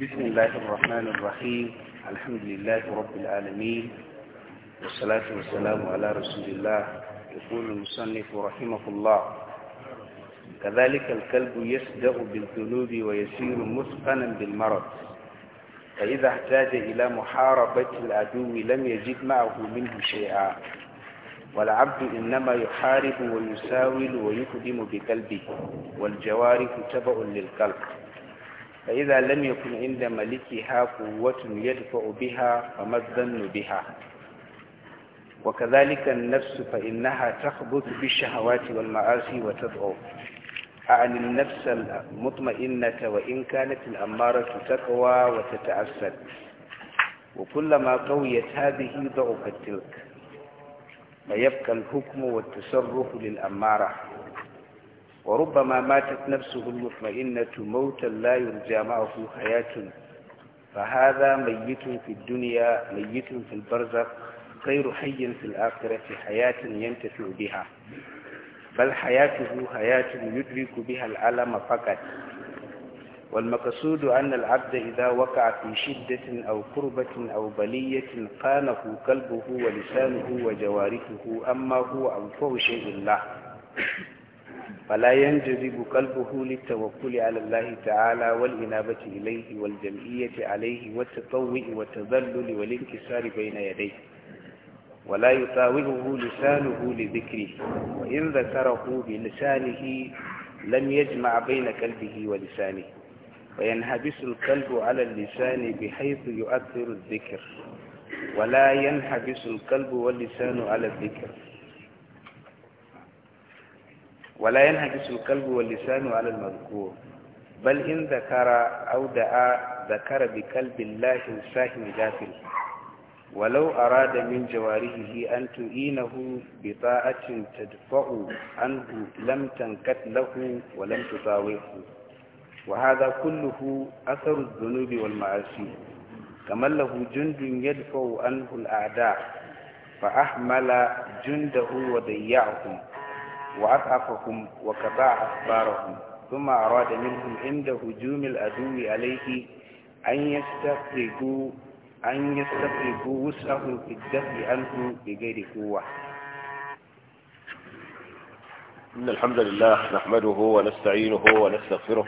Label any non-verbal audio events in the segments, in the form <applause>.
بسم الله الرحمن الرحيم الحمد لله رب العالمين والصلاة والسلام على رسول الله يقول المصنف رحمه الله كذلك الكلب يصدق بالذنوب ويسير مثقنا بالمرض فإذا احتاج إلى محاربة العدو لم يجد معه منه شيئا والعبد إنما يحارب ويساول ويقدم بقلبه والجوارح تبع للقلب فإذا لم يكن عند ملكها قوة يدفع بها فما الظن بها وكذلك النفس فإنها تخبط بالشهوات والمعاصي وتضعف أعني النفس المطمئنة وإن كانت الأمارة تقوى وتتعسد وكلما قويت هذه ضعفت تلك فيبقى الحكم والتصرف للأمارة وربما ماتت نفسه المطمئنة موتا لا يرجى معه حياة فهذا ميت في الدنيا ميت في البرزخ غير حي في الآخرة حياة ينتفع بها بل حياته حياة يدرك بها العلم فقط والمقصود أن العبد إذا وقع في شدة أو قربة أو بلية قانه قلبه ولسانه وجوارحه أما هو أنفع شيء الله فلا ينجذب قلبه للتوكل على الله تعالى والإنابة إليه والجمعية عليه والتطوع والتذلل والانكسار بين يديه ولا يطاوله لسانه لذكره وإن ذكره بلسانه لم يجمع بين قلبه ولسانه وينهبس القلب على اللسان بحيث يؤثر الذكر ولا ينهبس القلب واللسان على الذكر ولا ينهجس القلب واللسان على المذكور بل إن ذكر أو دعا ذكر بقلب الله الساهم جافل ولو أراد من جواره أن تؤينه بطاعة تدفع عنه لم تنكت له ولم تطاوعه وهذا كله أثر الذنوب والمعاصي كمن له جند يدفع عنه الأعداء فأحمل جنده وضيعهم وأسعفهم وقطع أخبارهم ثم أراد منهم عند هجوم العدو عليه أن يستفرقوا أن يستفرقوا وسعه في الدفع عنه بغير قوة إن الحمد لله نحمده ونستعينه ونستغفره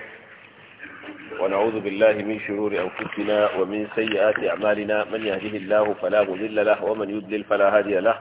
ونعوذ بالله من شرور أنفسنا ومن سيئات أعمالنا من يهده الله فلا مضل له ومن يضلل فلا هادي له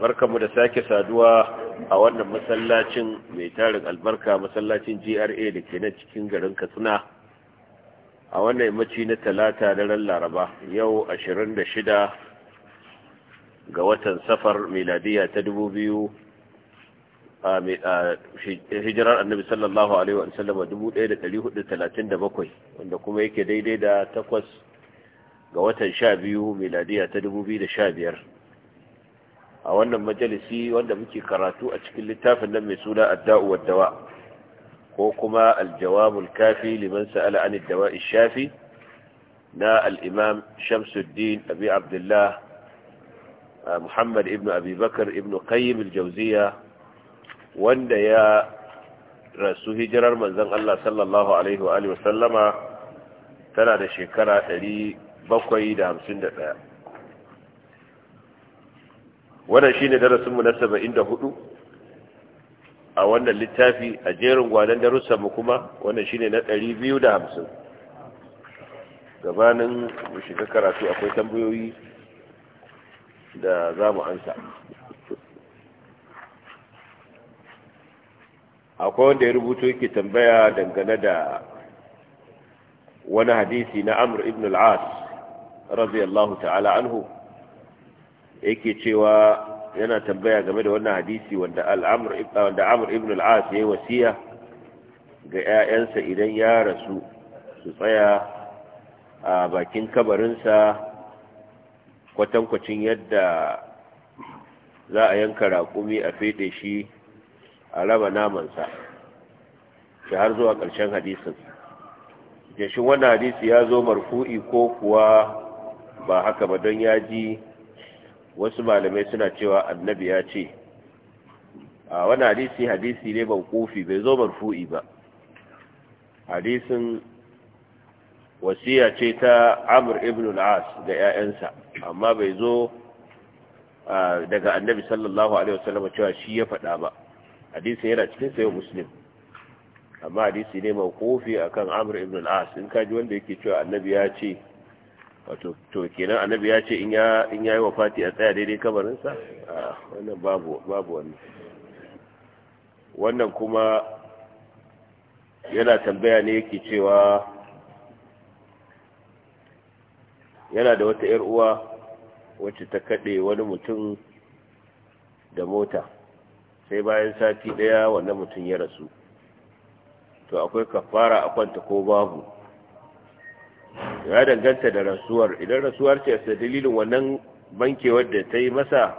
barkanmu da sake saduwa a wannan masallacin mai tarin albarka masallacin GRA da ke nan cikin garin Katsina a wannan yammaci na talata da ran Laraba yau 26 ga watan safar miladiya ta 2000 a hijirar annabi sallallahu alaihi wa sallam 1437 wanda kuma yake daidai da takwas ga watan 12 miladiya ta 2015 a wannan majalisi wanda muke karatu a cikin littafin nan mai suna adda'u waddawa ko kuma aljawabul kafi liman sa'ala an shafi na al-imam Shamsuddin Abi Abdullah Muhammad ibn Abi Bakar ibn Qayyim al-Jawziyya wanda ya rasu hijirar manzon Allah sallallahu alaihi wa alihi wa sallama tana da shekara 751 wannan shine darasin mu na 74 a wannan littafi a jerin gwanan darussan mu kuma wannan shine na 250 gabanin mu shiga karatu akwai tambayoyi da za mu ansa akwai wanda ya rubuto yake tambaya dangane da wani hadisi na amr ibn al-as radiyallahu ta'ala anhu yake cewa yana tambaya game da wannan hadisi wanda al'amur wanda amur ibn al-as yayi wasiya ga ƴaƴansa idan ya rasu su tsaya a bakin kabarinsa kwatankwacin yadda za a yanka raƙumi a fede shi a raba namansa shi har zuwa ƙarshen hadisin shi wannan hadisi ya zo marfu'i ko kuwa ba haka ba don ya ji wasu malamai suna cewa annabi ya ce a wani hadisi hadisi ne ban kofi bai zo marfu'i ba hadisin wasiya ce ta amur ibn al'as da 'ya'yansa amma bai zo daga annabi sallallahu alaihi wasallam cewa shi ya faɗa ba hadisi yana cikin sayo muslim amma hadisi ne mai kofi akan amur ibn al'as in kaji wanda yake cewa annabi ya ce wato to kenan annabi ya ce in ya in yayi wafati a tsaya daidai kabarin sa wannan babu babu wannan wannan kuma yana tambaya ne yake cewa yana da wata ‘yar uwa wacce ta kaɗe wani mutum da mota sai bayan sati ɗaya wannan mutum ya rasu to akwai kafara a kwanta ko babu ya danganta da rasuwar idan rasuwar ce sai dalilin wannan bankewar da ta yi masa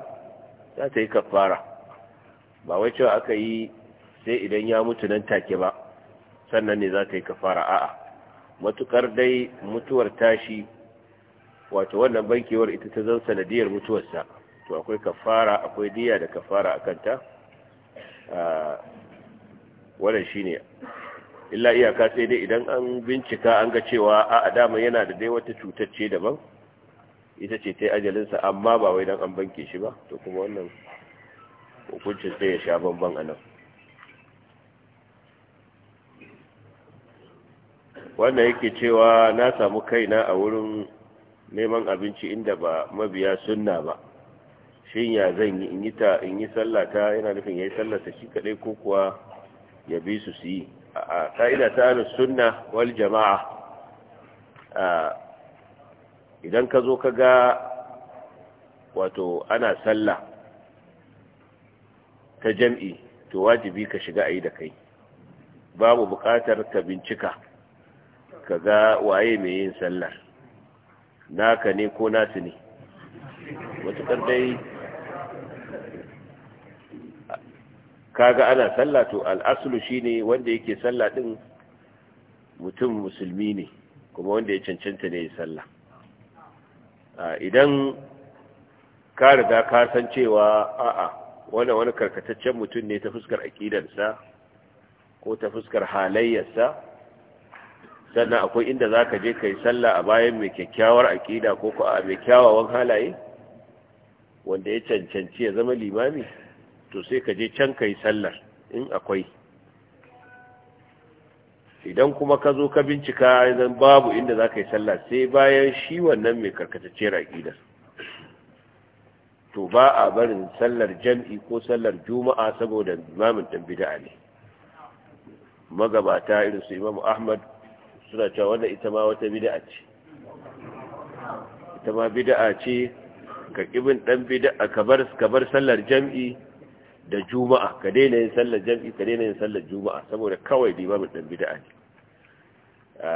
za ta yi kafara ba wai cewa aka yi sai idan ya mutu nan take ba sannan ne za ta yi kafara a'a matukar dai mutuwar tashi wato wannan bankewar ita ta zan sanadiyar mutuwarsa to akwai kafara akwai diya da kafara akanta ah, wannan shine illa iyaka sai dai idan an bincika an ga cewa a dama yana da dai wata cutacce daban ita ce ta ajalinsa amma ba wai dan an banke shi ba to kuma wannan hukuncin sai ya sha banban a nan wannan yake cewa na samu kaina a wurin neman abinci inda ba mabiya sunna ba shin ya zan yi in yi ta sallata yana nufin yayi sallarsa shi kadai ko kuwa ya bi su su yi A'a ka'ida ta ahlus sunna wal jama'a idan ka zo ka ga wato ana sallah ta jam'i to wajibi ka shiga ayi da kai babu buƙatar ka bincika ka ga waye mai yin sallar naka ne ko nasu ne dai kaga ana sallah to al'asulu shine wanda yake sallah din mutum musulmi ne kuma wanda ya cancanta ne ya sallah idan ka riga ka san cewa a'a wannan wani karkataccen mutum ne ta fuskar aqidarsa ko ta fuskar halayyarsa sannan akwai inda zaka je ka sallah a bayan mai kyakkyawar aƙida ko a mai kyawawan halaye wanda ya cancanci ya zama limami to sai ka je can ka yi sallar in akwai idan kuma ka zo ka bincika zan babu inda za ka yi sallah sai bayan shi wannan mai karkatacce raƙidar to ba a barin sallar jam'i ko sallar juma'a saboda imamin ɗan bida'a ne magabata irin su imamu ahmad suna cewa wanda ita ma wata bida'a ce ita ma bida'a ce ka ƙibin ɗan bida'a ka bar sallar jam'i da juma'a ka daina yin sallar jam'i ka daina yin sallar juma'a saboda kawai imamin dan bida'a ne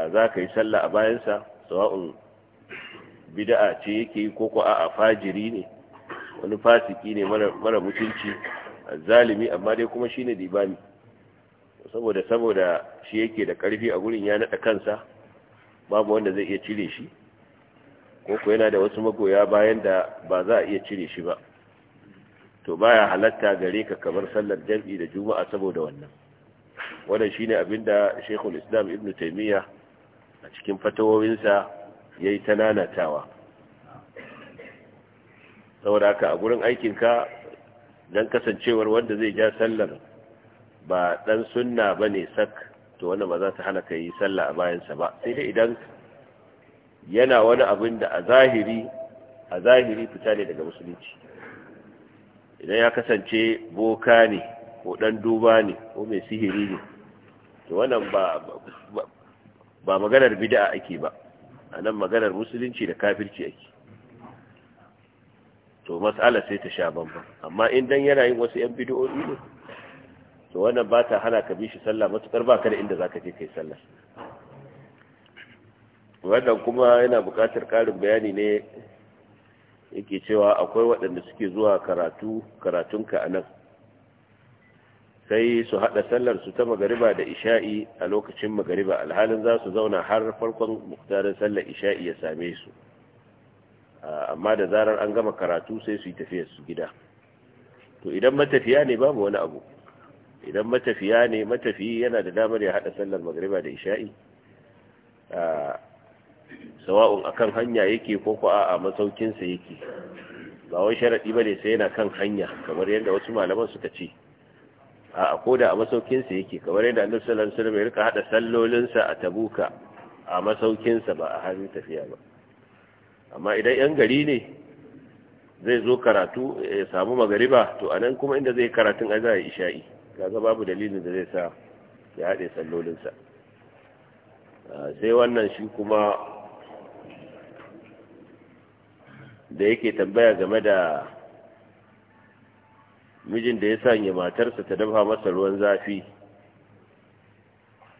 za ka yi sallah a bayansa sawa'un bida'a ce yake yi ko ko a fajiri ne wani fasiki ne mara mutunci zalimi amma dai kuma shi ne dibami saboda saboda shi yake da karfi a gurin ya nada kansa babu wanda zai iya cire shi ko yana da wasu magoya bayan da ba za a iya cire shi ba to ba ya halatta gare ka kamar sallar jam'i da juma'a saboda wannan wannan shine da Sheikhul Islam Ibn Taymiyyah a cikin fatawowinsa yayi tananatawa saboda ka a gurin aikin ka dan kasancewar wanda zai ja sallar ba dan sunna bane sak to wannan ba za ta hana ka yi sallah a bayan ba sai dai idan yana wani abin da a zahiri a zahiri fita ne daga musulunci idan ya kasance boka ne ko dan duba ne ko mai sihiri ne to wannan ba ba maganar bid'a ake ba anan maganar musulunci da kafirci ake to mas'ala sai ta sha bamba amma idan yana yin wasu yan bid'o'i ne to wannan ba ta hana ka bi shi sallah matukar ba ka da inda zaka je kai sallah wannan kuma yana bukatar karin bayani ne yake cewa akwai waɗanda suke zuwa karatu karatunka a nan sai su haɗa sallar su ta magariba da isha'i a lokacin magariba alhalin za su zauna har farkon muktarin sallar isha'i ya same su amma da zarar an gama karatu sai su yi tafiyar su gida to idan matafiya ne babu wani abu idan matafiya ne matafiyi yana da damar ya haɗa sallar magariba da isha'i sawa'un akan hanya yake ko ko a'a masaukinsa yake ba wai sharadi bane sai yana kan hanya kamar yadda wasu malaman suka ce a koda a masaukinsa yake kamar yadda annabi sallallahu alaihi wasallam ya rika hada sallolinsa a tabuka a masaukinsa ba a hannun tafiya ba amma idan yan gari ne zai zo karatu ya samu magariba to anan kuma inda zai karatun a zai isha'i kaga babu dalilin da zai sa ya sallolin sallolinsa sai wannan shi kuma da yake tambaya game da mijin da ya sanya matarsa ta dafa masa ruwan zafi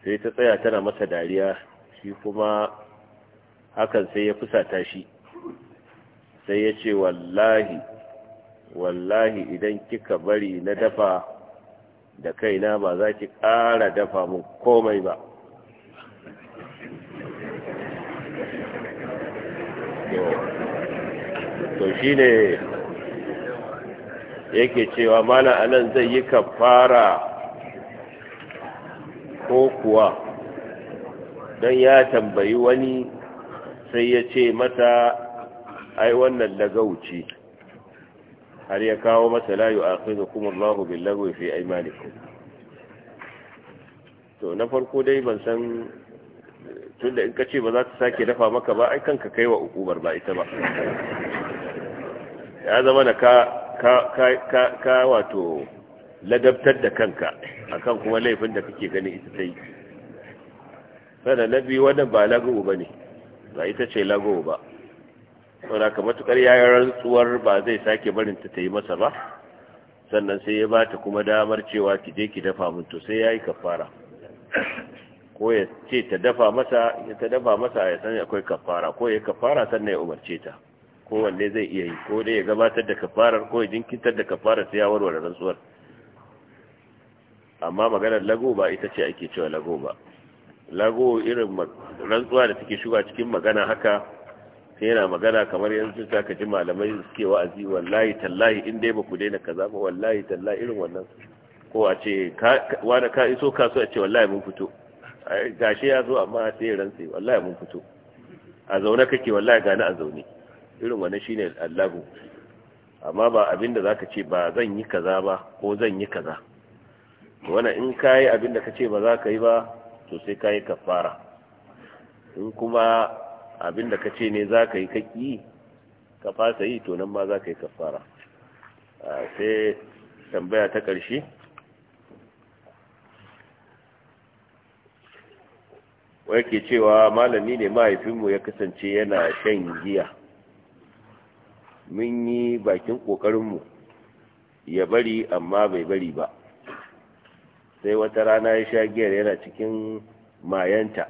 sai ta tsaya tana masa dariya shi kuma hakan sai ya fusata shi sai ya ce wallahi wallahi idan kika bari na dafa da kaina ba za ki ƙara dafa mu komai ba Yeah. to shi ne yake cewa mana anan zai yi kafara ko kuwa don ya tambayi wani sai ya ce mata ai wannan wuce har ya kawo mata layu a kai da kuma allahu billahi fi aimaniku to na farko dai ban san tunda in ka ce ba za ta sake dafa maka ba ai kanka kai wa ukubar ba ita ba ya zama da ka ka wato ladabtar da kanka akan kuma laifin da kake gani ita ta yi sannan na biyu wannan ba lagowo ba ne ba ita ce lagowo ba saboda ka matukar yayin rantsuwar ba zai sake barin ta yi masa ba sannan sai ya bata kuma damar cewa ki je ki dafa mun to sai yayi kafara ko ya ce ta dafa masa ya ta dafa masa ya san akwai kafara ko ya kafara sannan ya umarce ta kowanne zai iya yi ko dai ya gabatar da kafarar ko ya jinkitar da kafarar sai ya warware rantsuwar amma maganar lago ba ita ce ake cewa lago ba lago irin rantsuwa da take shiga cikin magana haka sai yana magana kamar yanzu ta ka ji malamai suke wa'azi wallahi tallahi in dai ba ku daina kaza ba wallahi tallahi irin wannan ko a ce wani ka iso kasu a ce wallahi mun fito gashi ya zo amma sai ya rantse wallahi mun fito a zaune kake wallahi gani a zaune irin shi shine allahu amma ba abinda zaka ce ba zan yi kaza ba ko zan yi kaza wani in ka yi abinda kace ba za ka yi ba to sai ka yi kafara in kuma abinda kace ne za ka yi kaki ka fasa yi to nan ma za ka yi kafara sai tambaya ta ƙarshe wake cewa malami ne mahaifinmu ya kasance yana shan giya mun yi bakin ƙoƙarinmu ya bari amma bai bari ba sai wata rana ya sha giyar yana cikin mayanta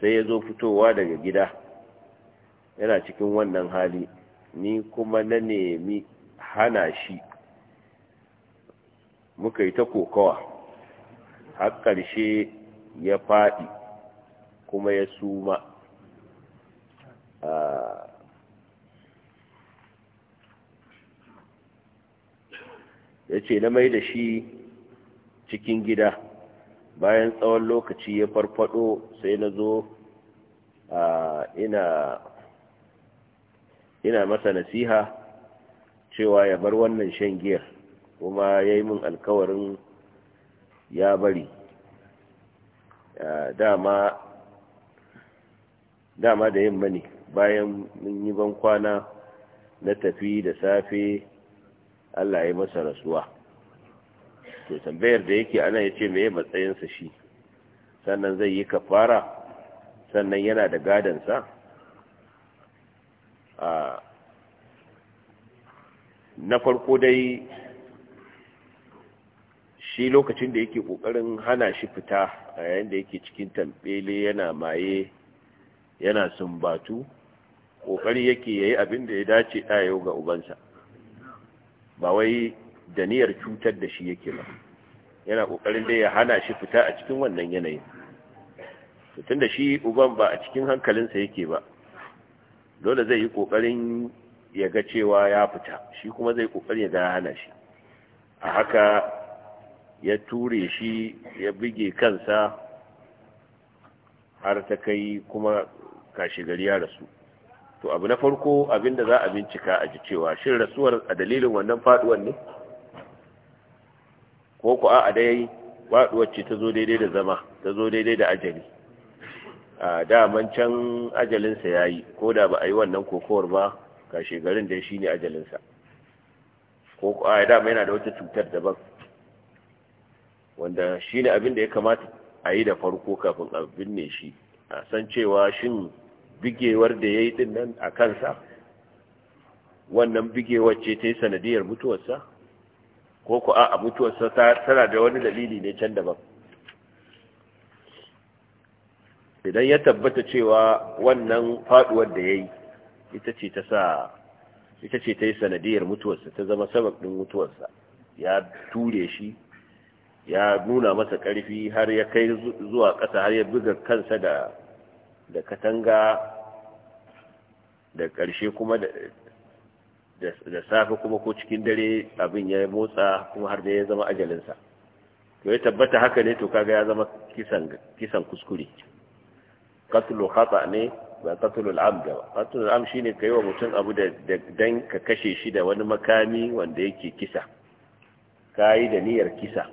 sai ya zo fitowa daga gida yana cikin wannan hali ni kuma na nemi hana shi muka yi ta kokawa har ƙarshe ya faɗi kuma ya suma a ah, ya ce na mai da shi cikin gida bayan tsawon lokaci ya farfado sai na zo ina ina masa nasiha cewa ya bar wannan shan giyar kuma ya yi min alkawarin ya bari dama da yin ne bayan mun yi ban kwana na tafi da safe Allah ya masa rasuwa to tambayar da yake ana ya ce sa shi sannan zai yi kafara sannan yana da sa a na farko dai shi lokacin da yake kokarin hana shi fita a yayin da yake cikin tambele yana maye yana sumbatu kokari yake yayi abin da ya dace ɗayo ga ubansa ba wai da niyyar cutar da shi yake ba yana kokarin da ya hana shi fita a cikin wannan yanayin to tunda shi uban ba a cikin hankalinsa yake ba dole zai yi kokarin ya ga cewa ya fita shi kuma zai kokarin ya ga ya hana shi a haka ya ture shi ya bige kansa har ta kai kuma kashi gari ya rasu to abu na farko abinda za a bincika a ji cewa shin rasuwar a dalilin wannan faduwar ne ko ku a dai faduwar ce ta zo daidai da zama ta zo daidai da ajali a daman can ajalinsa ya yi ko da ba a yi wannan kokowar ba ga shekarun da shi ne ajalinsa ko ku a dama yana da wata cutar daban wanda shi ne abin da ya kamata a yi da farko kafin a binne shi a san cewa shin bigewar da ya yi ɗin nan a kansa wannan bigewar ce ta yi sanadiyar mutuwarsa ko ku a mutuwarsa tana da wani dalili ne can daban idan ya tabbata cewa wannan faduwar da ya yi ita ce ta ita ce ta yi sanadiyar mutuwarsa ta zama sababin mutuwarsa ya ture shi ya nuna masa ƙarfi har ya kai zuwa ƙasa har ya buga kansa da da katanga da ƙarshe kuma da safe kuma ko cikin dare abin ya motsa kuma har da ya zama ajalinsa to ya tabbata haka ne to kaga ya zama kisan kuskure katulu khata ne ba katulu al'amd ba katulu al'amd shine yi wa mutum abu da dan ka kashe shi da wani makami wanda yake kisa kayi da niyyar kisa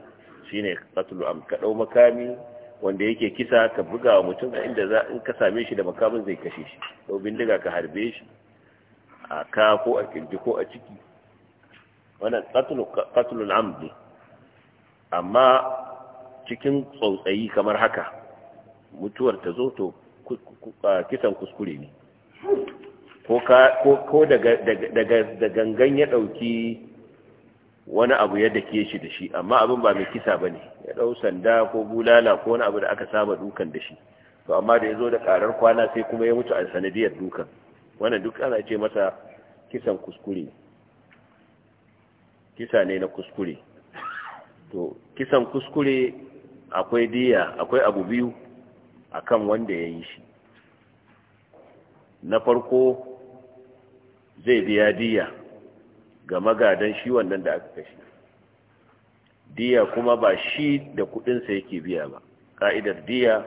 shine katulu al'amd ka dau makami wanda yake kisa ka buga wa mutum a inda za in ka same shi da makamin zai kashe shi ko bindiga ka harbe shi a ka ko a kirji ko a ciki wannan qatlul amd amma cikin tsautsayi kamar haka mutuwar ta zo to kisan kuskure ne ko daga da gangan ya ɗauki. wani abu ya dake shi da shi amma abin ba mai kisa ba ne. ya dau sanda ko bulala ko wani abu da aka saba dukan da shi to amma da yazo da karar kwana sai kuma ya mutu a sanadiyar dukan wannan duk ana ce masa kisan kuskure kisa ne na kuskure to kisan kuskure akwai diya akwai abu biyu akan wanda ya yi shi na farko zai biya diya ga magadan shi wannan da aka kashe diya kuma ba shi da kudinsa yake biya ba ka'idar diya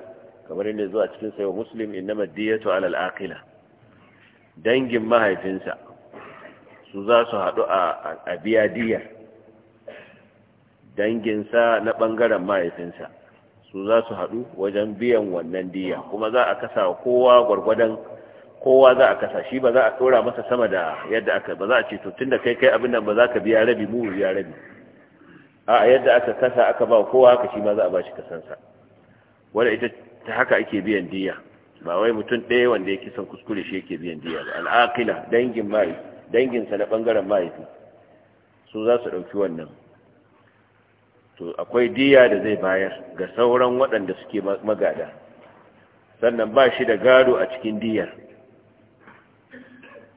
kamar yadda zuwa cikin sayo muslim innama diyatu alal aqila dangin mahaifinsa su za su haɗu a biya diyar sa na ɓangaren mahaifinsa su za su haɗu wajen biyan wannan diya kuma za a kasa kowa gurgurdan kowa za a kasa shi ba za a tsora masa sama da yadda aka ba za a ce to tunda kai kai abin nan ba za ka biya rabi mu biya rabi a yadda aka kasa aka ba kowa haka shi ma za a ba shi kasansa wanda ita ta haka ake biyan diya ba wai mutum ɗaya wanda ya kisan kuskure shi yake biyan diya ba al'aqila dangin mai dangin sa na bangaren mahaifi su za su ɗauki wannan to akwai diya da zai bayar ga sauran waɗanda suke magada sannan ba shi da gado a cikin diyar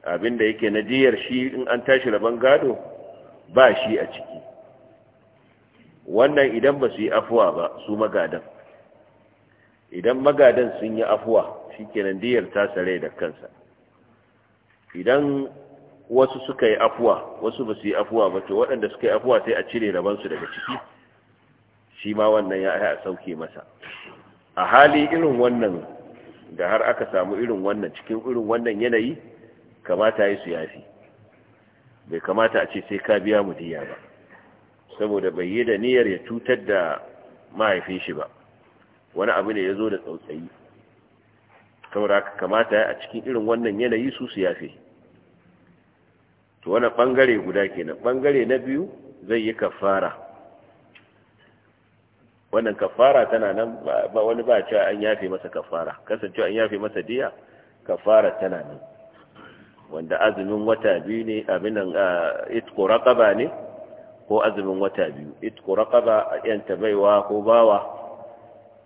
abinda yake na diyar shi in an tashi rabon gado ba shi a ciki wannan idan ba su yi afuwa ba su magadan idan magadan sun yi afuwa shi kenan diyar ta sare da kansa idan wasu suka yi afuwa wasu ba su yi afuwa ba to waɗanda suka yi afuwa sai a cire rabansu daga ciki shi ma wannan ya a sauke masa a hali irin wannan da har aka samu irin wannan cikin irin wannan yanayi kamata yi su yafi bai kamata a ce sai ka biya mu diya ba saboda bai yi da niyyar ya cutar da mahaifin shi ba wani abu ne ya zo da tsautsayi saboda kamata a cikin irin wannan yanayi su su yafe to wani bangare guda kenan bangare na biyu zai yi kafara wannan kafara tana nan ba wani ba cewa an yafe masa kafara kasancewa an yafe masa diya kafara tana nan wanda azumin wata biyu ne abinan itko raqaba ne ko azumin wata biyu itko raqaba a yanta baiwa ko bawa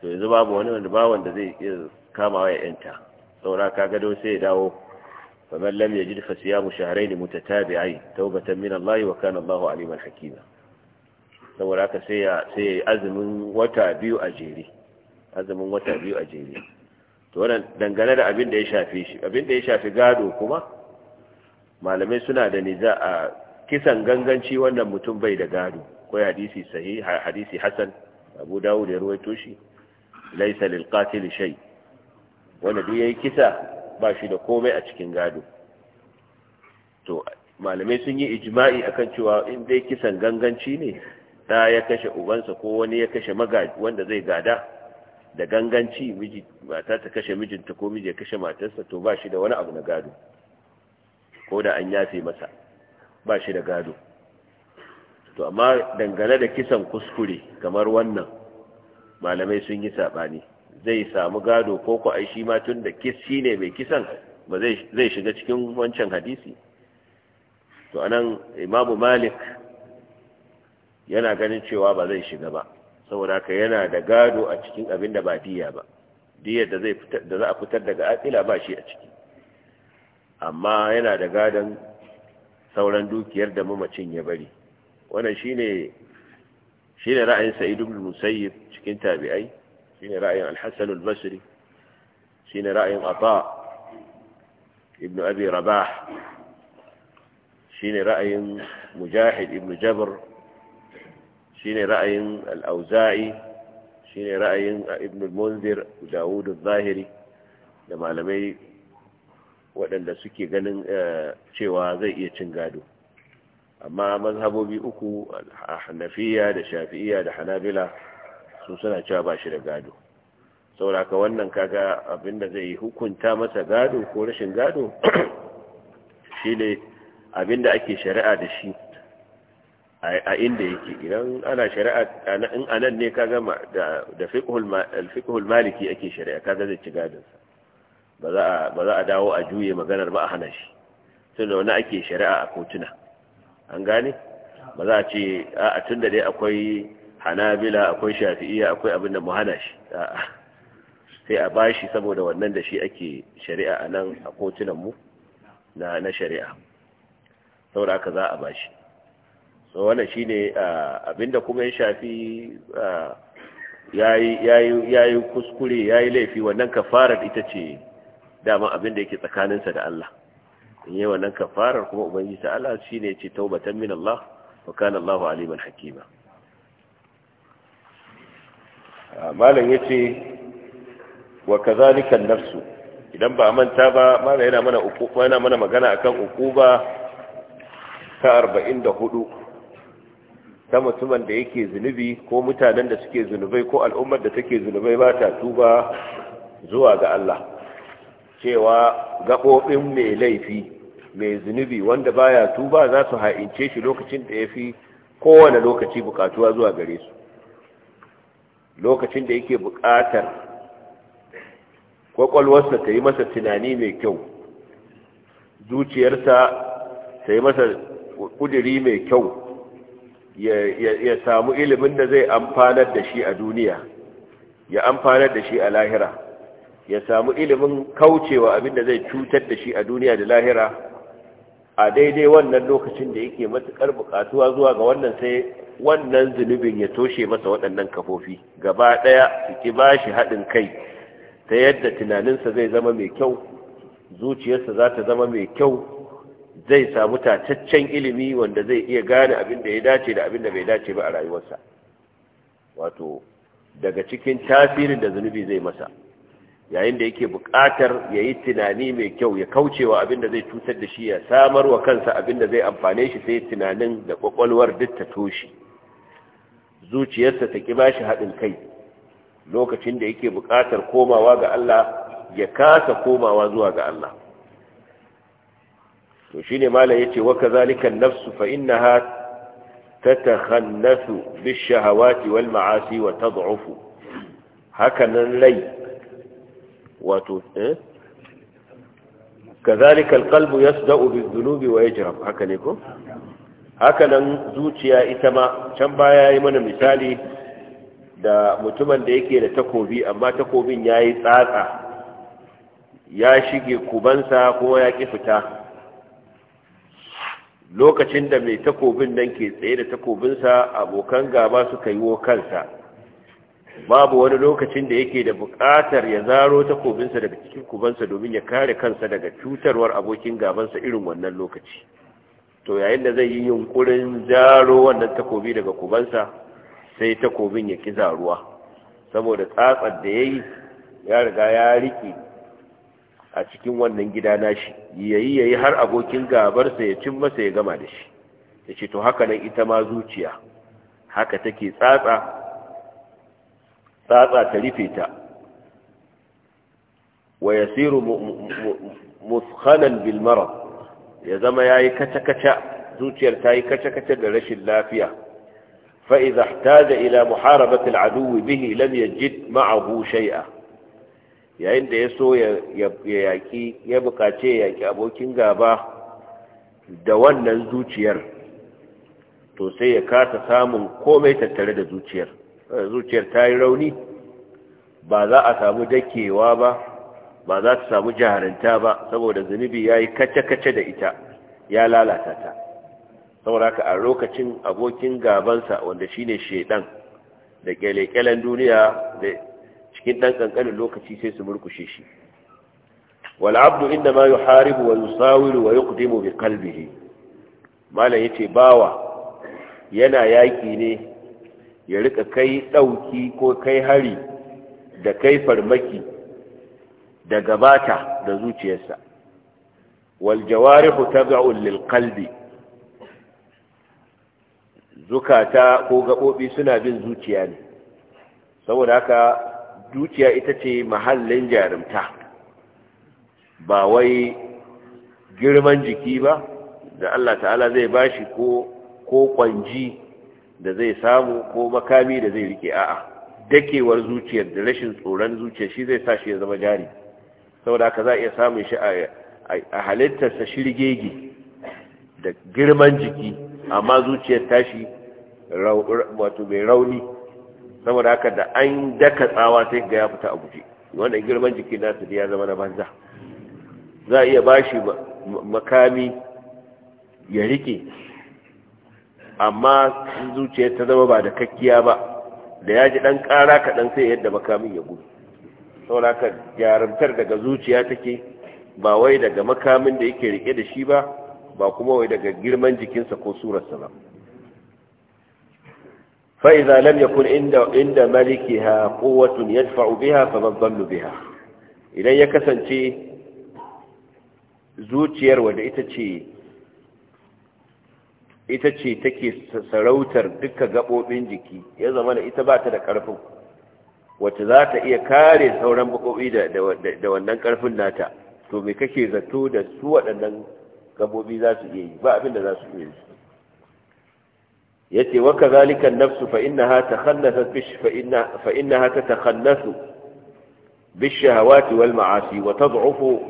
to yanzu babu wani wanda bawan da zai kama wa yanta saura kaga don sai ya dawo faman lam yajid fa siyamu shahrayn mutatabi'ain tawbatan min layi wa kana Allah aliman hakima saura ka sai ya azumin wata biyu a jere azumin wata biyu a jere to wannan dangane da abin da ya shafi shi abin da ya shafi gado kuma malamai suna da niza a kisan ganganci wannan mutum bai da gado ko hadisi sahih hadisi hasan abu dawud ya ruwaito shi laysa lil qatil shay wanda duk yayi kisa ba shi da komai a cikin gado to malamai sun yi ijma'i akan cewa in dai kisan ganganci ne da ya kashe ubansa ko wani ya kashe magaji wanda zai gada da ganganci miji mata ta kashe mijinta ko miji ya kashe matarsa to ba shi da wani abu na gado ko da an yafe masa ba shi da gado to amma dangane da kisan kuskure kamar wannan malamai sun yi saɓani zai samu gado ko ku ai shi ma tun da kisi ne mai kisan ba zai shiga cikin wancan hadisi to anan imamu malik yana ganin cewa ba zai shiga ba saboda haka yana da gado a cikin abin da ba diya ba diyar da za a fitar daga akila ba shi a ciki amma yana da gadon sauran dukiyar da mamacin ya bari wannan shine shine ra'ayin sa'id ibn musayyib cikin tabi'ai shine ra'ayin al-hasan al-basri shine ra'ayin ata ibn abi rabah shine ra'ayin mujahid ibn jabr shine ra'ayin al-auza'i shine ra'ayin ibn al-munzir daud al-zahiri da malamai waɗanda suke ganin eh, cewa zai iya cin gado amma mazhabobi uku nafiya da shafi'iya da hanabila su suna cewa ba shi da gado sauraka wannan kaga abinda zai hukunta masa gado ko rashin gado <coughs> shi ne abinda ake shari'a da shi a inda yake idan ana shari'a in anan ne kaga da fiqhul maliki ake shari'a kaga zai ci gadonsa ba za a dawo a juye maganar ba a hana shi tun da wani ake shari'a a kotuna an gane ba za a ce a tun da dai akwai hanabila akwai shafi'iya akwai abin da mu hana shi sai a bashi saboda wannan da shi ake shari'a a nan a kotunanmu na shari'a saboda haka za a bashi so wannan shine da kuma ya shafi yayi yayi kuskure yayi laifi wannan kafarar ita ce dama abin da yake tsakaninsa da Allah in yi wannan kafarar kuma ubangiji ta Allah shine ce taubatan min Allah wa kana Allah aliman hakima ah, malam yace wa kazalika nafsu idan ba manta ba malam yana mana uku yana mana magana akan ukuba ta 44 ta mutumin da yake zunubi ko mutanen da suke zunubai ko al'ummar da take zunubai ba ta tuba zuwa ga Allah cewa gaɓoɓin mai laifi mai zunubi wanda baya tuba za su ha'ince shi lokacin da ya fi kowane lokaci bukatuwa zuwa gare su lokacin da yake buƙatar kwakwalwarsa ta yi masa tunani mai kyau zuciyarsa ta yi masa kuduri mai kyau ya samu ilimin da zai amfanar da shi a duniya ya amfanar da shi a lahira ya samu ilimin kaucewa abin da zai cutar da shi a duniya da lahira a daidai wannan lokacin da yake matukar bukatuwa zuwa ga wannan sai wannan zunubin ya toshe masa waɗannan kafofi gaba ɗaya su ki ba shi haɗin kai ta yadda tunaninsa zai zama mai kyau zuciyarsa za ta zama mai kyau zai samu tataccen ilimi wanda zai iya gane abin da ya dace da abin da bai dace ba a rayuwarsa wato daga cikin tasirin da zunubi zai masa yayin da yake buƙatar ya yi tunani mai kyau ya kaucewa abin da zai cutar da shi ya samar wa kansa abin da zai amfane shi sai tunanin da ƙwaƙwalwar duk ta toshe zuciyarsa ta kima shi haɗin kai lokacin da yake buƙatar komawa ga Allah ya kasa komawa zuwa ga Allah to shi ne malam ya ce wa ka zalikan nafsu fa innaha tatakhannasu bish shahawati wal ma'asi wa tad'ufu hakanan rai wato eh kazalika alqalbu yasda'u bizunubi wa yajrab haka ne ko haka nan zuciya ita ma can baya yi mana misali da mutumin da yake da takobi amma takobin yayi tsatsa ya shige kubansa kuma ya ki fita lokacin da mai takobin nan ke tsaye da takobinsa abokan gaba suka yi wo kansa babu wani lokacin da yake da buƙatar ya zaro takobinsa daga cikin kubansa domin ya kare kansa daga cutarwar abokin gabansa irin wannan lokaci to yayin da zai yi yunkurin zaro wannan takobi daga kubansa sai takobin ya ki zaruwa saboda tsatsar da ya yi ya riga ya riƙe a cikin wannan gida nashi yayi yayi har abokin gabarsa ya cin masa ya gama da shi ya ce to haka nan ita ma zuciya haka take tsatsa tsatsa ta rife ta wa yasiru muskhalan bil marad ya zama yayi kaca-kaca zuciyar ta yi kaca-kaca da rashin lafiya fa idza ihtaja ila muharabatul adu bihi lam yajid ma'ahu shay'a yayin da ya so ya yaƙi ya bukace ya yaƙi abokin gaba da wannan zuciyar to sai ya kasa samun komai tattare da zuciyar zuciyar ta yi rauni ba za a samu dakewa ba ba za ta samu jaharinta ba saboda zunubi ya yi kace-kace da ita ya lalata ta saboda ka a lokacin abokin gabansa wanda shine shedan da kyale-kyalen duniya da cikin ɗan ƙanƙanin lokaci sai su murkushe shi wal'abdu inda ma yi haribu wa yusawiru wa yi kudimu bi kalbihi malam ya ce bawa yana yaƙi ne ya rika kai ɗauki ko kai hari da kai farmaki da gabata da zuciyarsa Waljawarihu jawarihu ga lil qalbi zukata ko gabobi suna bin zuciya ne saboda haka zuciya ita ce mahallin jarumta ba wai girman jiki ba da Allah ta'ala zai bashi ko ko kwanji da zai samu ko makami da zai rike a'a dakewar zuciyar da rashin tsoron zuciyar shi zai sa shi ya zama jari saboda haka za a iya samun shi a halittarsa shirgege da girman jiki amma zuciyar tashi wato mai rauni saboda haka da an daka tsawa sai ga ya fita a guje wanda girman jiki na nasu ya zama na banza za a iya shi makami ya rike amma zuciyar ta zama ba da kakkiya ba da ya ji ɗan ƙara kaɗan sai yadda makamin ya gudu saboda ka jarumtar daga zuciya take ba wai daga makamin da yake rike da shi ba ba kuma wai daga girman jikinsa ko surarsa ba فإذا لم يكن عند عند ملكها قوة يدفع بها فمن ضل بها إذا ya kasance zuciyar wanda ita ce ita ce take sarautar duka gaɓoɓin jiki ya zama da ita ba ta da ƙarfin wacce za ta iya kare sauran gaɓoɓi da wannan ƙarfin nata to me kake zato da su waɗannan gaɓoɓi za su iya yi ba abin da za su iya yi ya ce wa zalikan nafsu fa'innaha ta takhannasu bishahawati wal ma'asi wa ta zu'ufu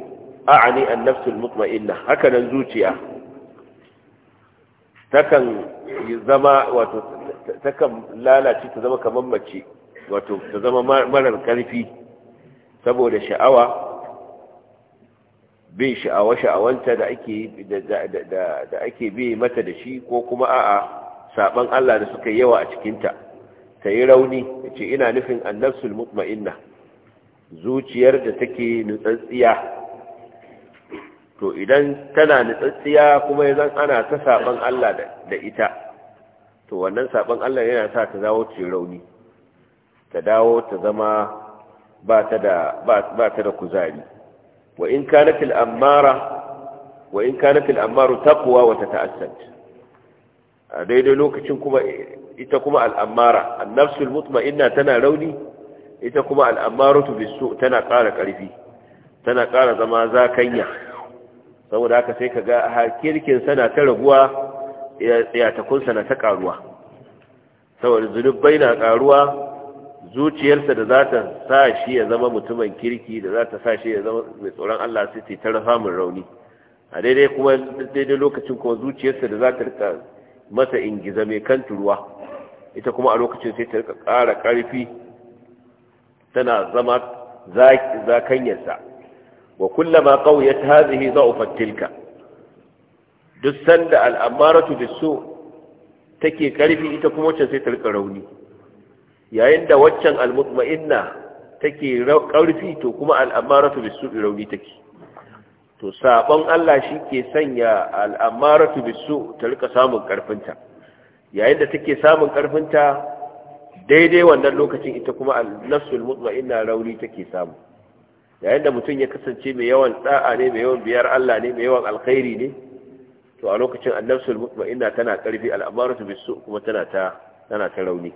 a'ani an nafsul mutma'inna haka nan zuciya takan zama wato takan lalace ta zama kamar mace wato ta zama marar karfi saboda sha'awa bin sha'awa-sha'awanta da ake da ake bi mata da shi ko kuma a'a saban Allah da suka yawa a cikinta ta yi rauni da ce ina nufin annasul mutma'inna zuciyar da take nutsatsiya to idan tana nutsatsiya kuma zan ana ta saban Allah da ita to wannan saban Allah yana sa ta dawo ce rauni ta dawo ta zama ba ta da ba ta da kuzari wa in kanat al amara wa in kanat al amaru taqwa wa tata'assad a daidai lokacin kuma ita kuma al amara an nafsul mutma'inna tana rauni ita kuma al amaru bisu tana ƙara ƙarfi tana ƙara zama zakanya saboda haka sai ka ga kirkin sana ta raguwa ya tsayatakunsa na ta karuwa saboda zunubai na karuwa zuciyarsa da za ta sa shi ya zama mutumin kirki da za ta sa shi ya zama mai tsoron Allah sai ta tara samun rauni a daidai kuma daidai lokacin kuma zuciyarsa da za ta rika masa ingiza mai kan turuwa ita kuma a lokacin sai ta rika ƙara ƙarfi tana zama zakanyarsa wa ta qawiyat hadhihi da'ufat tilka duk sanda al'amaratu bisu take karfi ita kuma wacce sai ta rika rauni yayin da waccan almutma'inna take karfi to kuma rauni take to sabon Allah shi ke sanya al'amaratu bisu ta rika samun karfinta yayin da take samun karfinta daidai wannan lokacin ita kuma al-nafsul mutma'inna rauni take samu yayin da mutum ya kasance mai yawan da'a ne mai yawan biyar Allah ne mai yawan alkhairi ne to a lokacin annabsul mutma'inna tana karfi al'amaratu bisu kuma tana ta tana ta rauni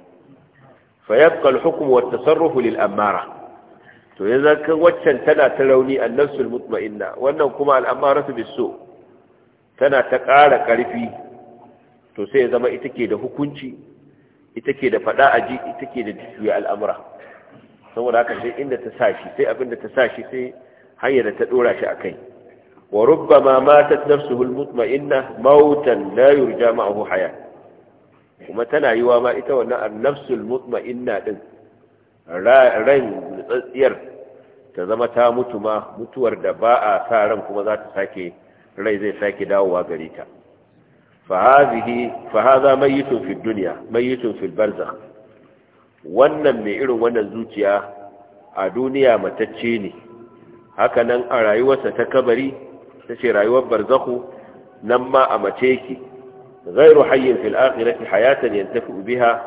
fa yabqa al-hukm wa at-tasarruf lil amara to yanzu kan waccan tana ta rauni annabsul mutma'inna wannan kuma al'amaratu bisu tana ta ƙara karfi to sai ya zama ita ke da hukunci ita ke da fada ita ke da juya al'amura saboda haka sai inda ta shi, sai abinda ta shi, sai hanyar da ta dora shi akai wa rubbama matat nafsuhu almutma'inna mautan la yurja ma'ahu haya kuma tana yiwa ma ita wannan annafsul mutma'inna din ran tsatsiyar ta zama ta mutu ma mutuwar da ba a sa ran kuma za ta sake rai zai sake dawowa gare ta fa hadhihi fa hadha mayitun fi dunya mayitun wannan mai irin wannan zuciya a duniya matacce ne haka nan a rayuwarsa ta kabari ta ce rayuwar barzahu nan ma a mace yake zairu hayyin fil akhirati hayatan yantafi biha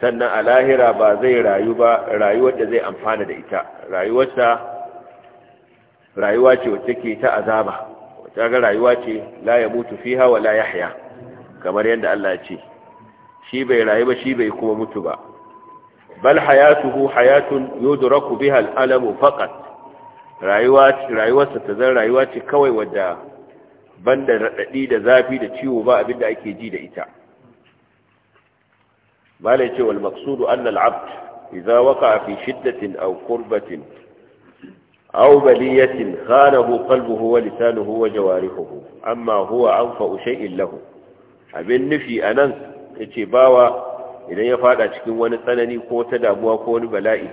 sannan a lahira ba zai rayu ba rayuwar da zai amfana da ita rayuwarsa rayuwa ce wacce ke ta azaba wacce ga rayuwa ce la ya mutu fiha hawa la yahya kamar yadda Allah ya ce shi bai rayu ba shi bai kuma mutu ba bal hayatuhu hayatun yudraku biha al-alamu faqat rayuwa rayuwarsa ta zan rayuwa ce kawai wadda banda radadi da zafi da ciwo ba abinda ake ji da ita malai ce wal maqsudu anna al-abd idza waqa'a fi shiddatin aw qurbatin أو بلية خانه قلبه ولسانه وجوارحه أما هو أنفأ شيء له abin nufi anan nan ya ce bawa idan ya fada cikin wani tsanani ko ta damuwa ko wani bala'i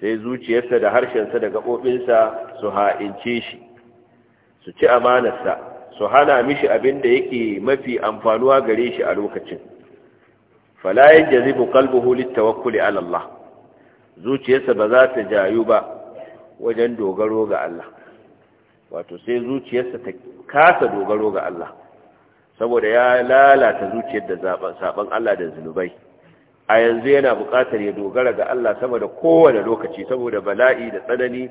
sai zuciyarsa da harshensa da gaɓoɓinsa su ha'ince shi su ci amanarsa su hana mishi abin da yake mafi amfanuwa gare shi a lokacin fala yajazibu qalbuhu litawakkuli ala Allah zuciyarsa ba za ta jayu ba wajen dogaro ga Allah wato sai zuciyarsa ta kasa dogaro ga Allah saboda ya lalata zuciyar da saban Allah da zunubai a yanzu yana buƙatar ya dogara ga Allah sama da kowane lokaci saboda bala'i da tsanani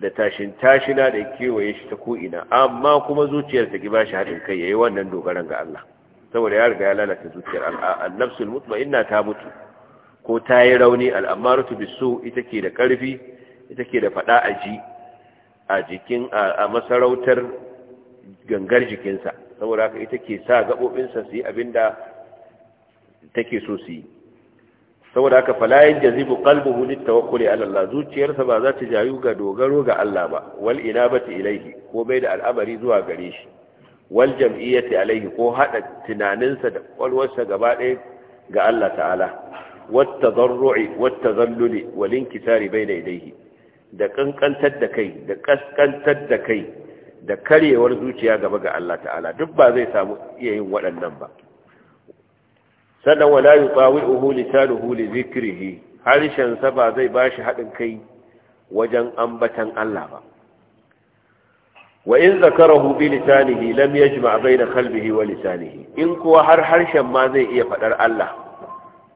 da tashin tashina da kewaye shi ta ko'ina amma kuma zuciyar ta giba shi haɗin kai yayi wannan dogaran ga Allah saboda ya riga ya lalata zuciyar annabsul mutmainna ta mutu ko ta yi rauni al'amaratu bisu ita ke da ƙarfi ita ke da faɗa a ji a jikin a masarautar gangar jikinsa saboda haka ita ke sa gaɓoɓinsa su yi abin da take so su yi saboda haka falayin jazibu qalbuhu litawakkuli ala Allah zuciyarsa ba za ta jayu ga dogaro ga Allah ba wal ta ilaihi ko bai da al'amari zuwa gare shi wal jam'iyyati alaihi ko haɗa tunaninsa da kwalwarsa gaba ɗaya ga Allah ta'ala wat tadarru'i wat tazalluli wal inkisari bayna yadayhi da kankantar da kai da kaskantar da kai da karyewar zuciya gaba ga Allah ta'ala duk ba zai samu iya yin waɗannan ba sannan wala yutawi'uhu lisanuhu li dhikrihi harshen ba zai bashi haɗin kai wajen ambatan Allah ba wa in zakarahu bi lisanihi lam bai na qalbihi wa lisanihi in kuwa har harshen ma zai iya faɗar Allah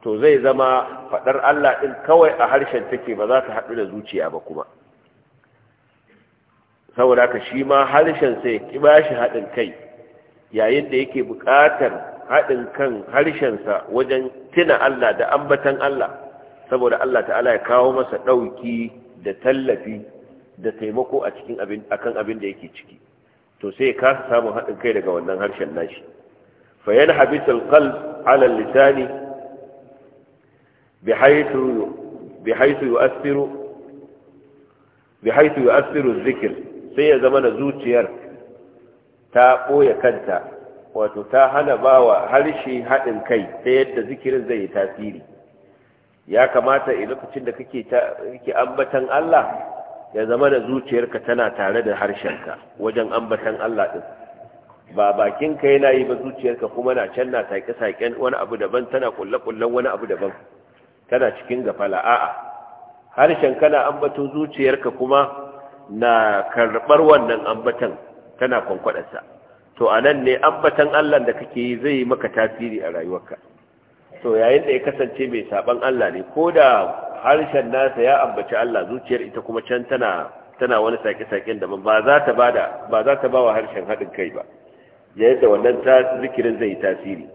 to zai zama faɗar Allah ɗin kawai a harshen take ba za ta haɗu da zuciya ba kuma saboda ka shi ma harshen ya ki bashi haɗin kai yayin da yake buƙatar haɗin kan harshensa wajen tuna Allah da ambatan Allah saboda Allah ta'ala ya kawo masa ɗauki da tallafi da taimako a cikin abin akan abin da yake ciki to sai ya kasa samun haɗin kai daga wannan harshen nashi fa habisul alqalb ala lisani bihaythu bihaythu yu'athiru bihaythu yu'athiru dhikr sai ya zama na zuciyar ta ɓoye kanta wato ta hana bawa harshe haɗin kai ta yadda zikirin zai yi tasiri ya kamata a lokacin da kake ambatan Allah ya zama da zuciyarka tana tare da harshenka wajen ambatan Allah ɗin ba bakinka yana yi ba zuciyarka kuma na can na taƙe-saƙen wani abu daban tana ƙulle-ƙullen wani abu daban tana cikin gafala a'a harshenka na ambaton zuciyarka kuma na karɓar wannan ambatan tana kwankwadarsa to a nan ne ambatan Allah da kake yi zai maka tasiri a rayuwarka to yayin da ya kasance mai saban Allah ne ko da harshen nasa ya ambaci Allah zuciyar ita kuma can tana tana wani sake-saken da ba za ta bada ba za ta bawa harshen haɗin kai ba yayin da wannan zikirin zai yi tasiri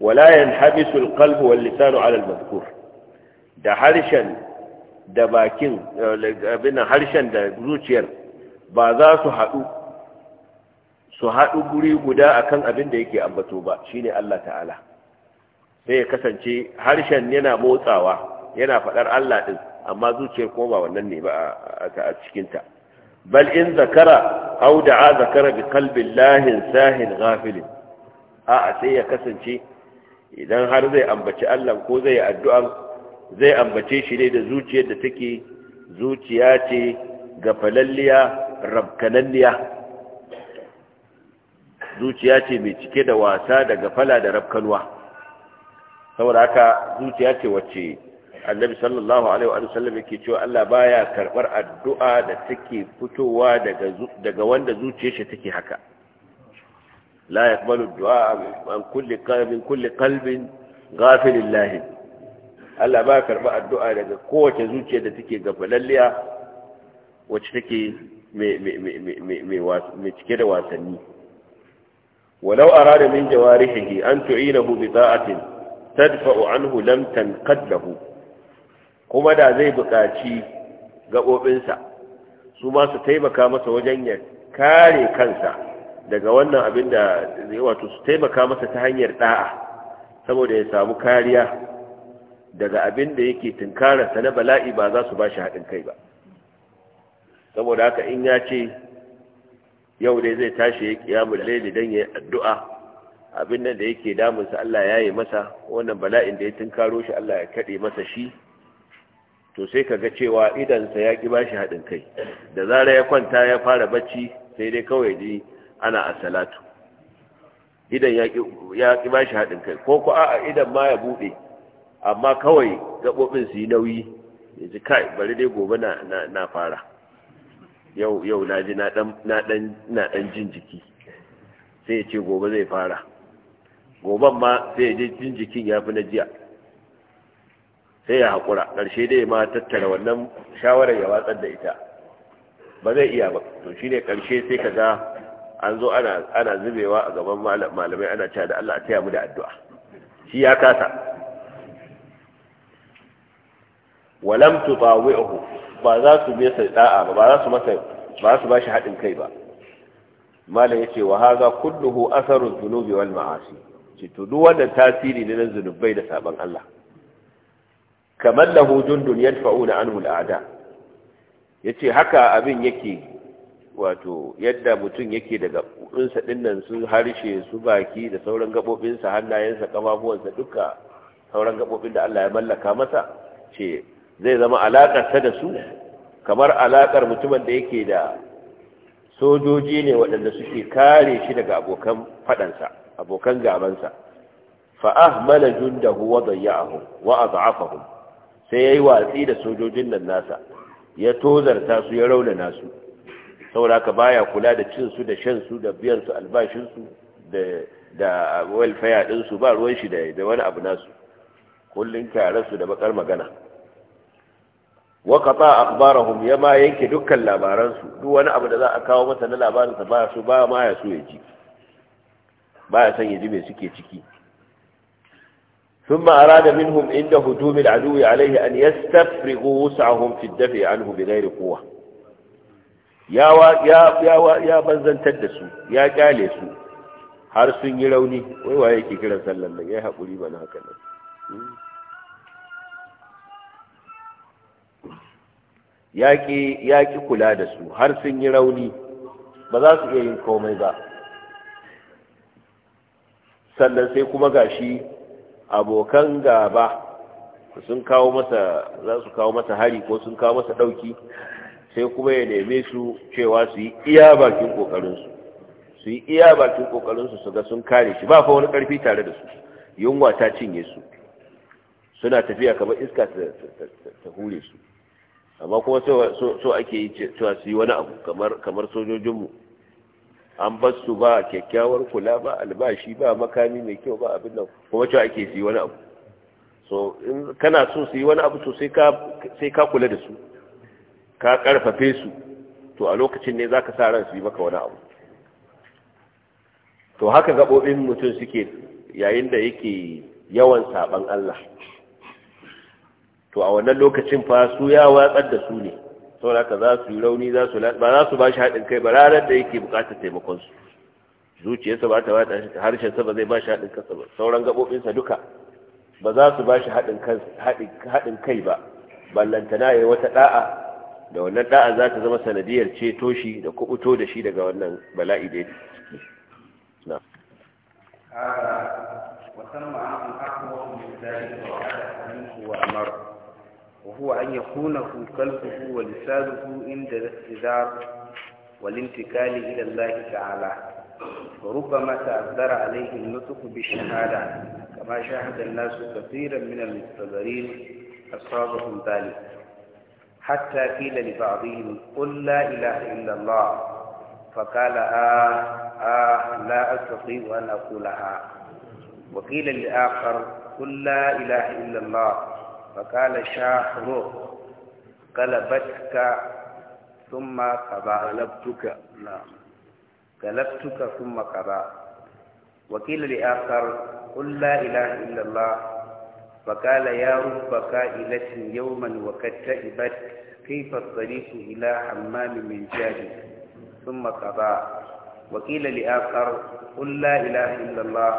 wala yanhabisu alqalbu wal lisanu ala almadhkur da harshen da bakin eh, abin harshen da zuciyar ba za su haɗu su haɗu guri guda akan abin da yake ambato ba shine Allah ta'ala sai ya kasance harshen yana motsawa yana faɗar Allah ɗin amma zuciyar kuma ba wannan ne ba a cikinta bal in zakara au da'a zakara bi kalbin lahin sahin gafilin a sai ya kasance idan har zai ambaci Allah ko zai yi addu'an zai ambace shi ne da zuciyar da take zuciya ce ga falalliya rabkananniya zuciya ce mai cike da wasa da gafala da rabkanwa saboda haka zuciya ce wacce annabi sallallahu alaihi wa sallam yake cewa Allah baya karbar addu'a da take fitowa daga daga wanda zuciyar shi take haka la yaqbalu du'a min kulli qalbin kulli qalbin Allah ba karɓi addu'a daga kowace zuciya da take lalliya wacce take mai cike da wasanni walau arada min jawarihi an tu'inahu bi ta'atin tadfa'u anhu lam tanqad kuma da zai buƙaci gaɓoɓinsa su ma su taimaka masa wajen ya kare kansa daga wannan abin da zai wato su taimaka masa ta hanyar da'a saboda ya samu kariya daga abin da yake tunkararsa na bala'i ba za su ba shi haɗin kai ba saboda haka in ya ce yau dai zai tashi ya kiyamun laili don ya yi addu'a abin nan da yake damunsa Allah ya yi masa wannan bala'in da ya tunkaro shi Allah ya kaɗe masa shi to sai ka ga cewa idansa ya ƙi ba shi haɗin kai da zara ya kwanta ya fara bacci sai dai kawai ji ana a salatu idan ya ƙi ba shi haɗin kai ko ku a idan ma ya buɗe amma kawai gabobin su yi nauyi yanzu kai bari dai gobe na na fara yau yau na ji na dan na dan jin jiki sai ya ce gobe zai fara Goban ma sai ya ji jin jikin ya fi na jiya sai ya haƙura ƙarshe dai ma tattara wannan shawarar ya watsar da ita ba zai iya ba to shine ƙarshe sai ka ga an zo ana zubewa a gaban malamai ana cewa da Allah a taya mu da addu'a shi ya kasa walam tutawi'uhu ba za su bi sa da'a ba ba za su masa ba su ba bashi hadin kai ba malam yace wa hadha kulluhu atharu dhunubi wal ma'asi ce to duk wanda tasiri ne na zunubai da saban Allah kamar lahu jundun yadfa'una anhu al'ada yace haka abin yake wato yadda mutum yake da gabobinsa dinnan su harshe su baki da sauran gabobinsa hannayensa kafafuwansa duka sauran gabobin da Allah ya mallaka masa ce zai zama alaƙar ta da su kamar alaƙar mutumin da yake da sojoji ne waɗanda suke kare shi daga abokan faɗansa abokan gabansa fa'ahmala jundahu wa dayya'ahu wa adha'afahum sai yayi watsi da sojojin nan nasa ya tozarta su ya raunana su saboda ka baya kula da cin su da shan su da biyan su albashin su da da welfare din su ba ruwan shi da wani abu nasu kullum tare su da bakar magana waka ta akbarahum ya ma yanke dukkan labaran su duk wani abu da za a kawo masa na labarin sa ba su ba ma ya so ya ji ba ya san ya ji me suke ciki ثم أراد منهم عند هجوم العدو عليه أن يستفرغوا وسعهم في الدفع عنه بغير قوة يا و... يا يا و... da su, ya يا su, har sun yi rauni wai waye ke kiran sallan nan ya hakuri ba na haka nan hmm. ya ƙi kula da su har sun yi rauni ba za su iya yin komai ba sannan sai kuma gashi abokan gaba sun kawo masa za su kawo masa hari ko sun kawo masa ɗauki sai kuma ya neme su cewa su yi iya bakin ƙoƙarinsu su yi iya bakin ƙoƙarinsu su ga sun kare shi ba fa wani ƙarfi tare da su yunwa ta cinye su suna tafiya kamar iska ta hure su amma kuma so ake yi cewa su yi wani abu kamar sojojinmu an ba su ba kyakkyawar kula ba albashi ba makami mai kyau ba abin nan kuma cewa ake su yi wani abu so in kana so su yi wani abu to sai ka kula da su ka karfafe su to a lokacin ne za ka sa ran su yi maka wani abu to haka gaɓoɓin mutum suke yayin da yake yawan saɓan Allah to a wannan lokacin fa su ya watsar da su ne saboda ka za su yi rauni za su ba za su ba shi haɗin kai ba ranar da yake buƙatar taimakon su zuciyarsa ba ta bata shi harshen sa ba zai ba shi haɗin kansa ba sauran gabobin sa duka ba za su ba shi haɗin kan haɗin kai ba ballantana yayi wata da'a da wannan da'a za ta zama sanadiyar ceto shi da kubuto da shi daga wannan bala'i da yake na هذا وسمع عن أقوى من ذلك وعلى منه وأمر وهو أن يكون قلبه ولسانه عند الاستدار والانتكال إلى الله تعالى وربما تأثر عليه النطق بالشهادة كما شاهد الناس كثيرا من المختبرين أصابهم ذلك حتى قيل لبعضهم قل لا إله إلا الله فقال آه آه لا أستطيع أن أقولها وقيل لآخر قل لا إله إلا الله فقال شاهرو قلبتك ثم قضى قلبتك نعم قلبتك ثم قضى وقيل لآخر قل لا إله إلا الله فقال يا رب قائلة يوما وقد كيف الطريق إلى حمام من جاهل ثم قضى وقيل لآخر قل لا إله إلا الله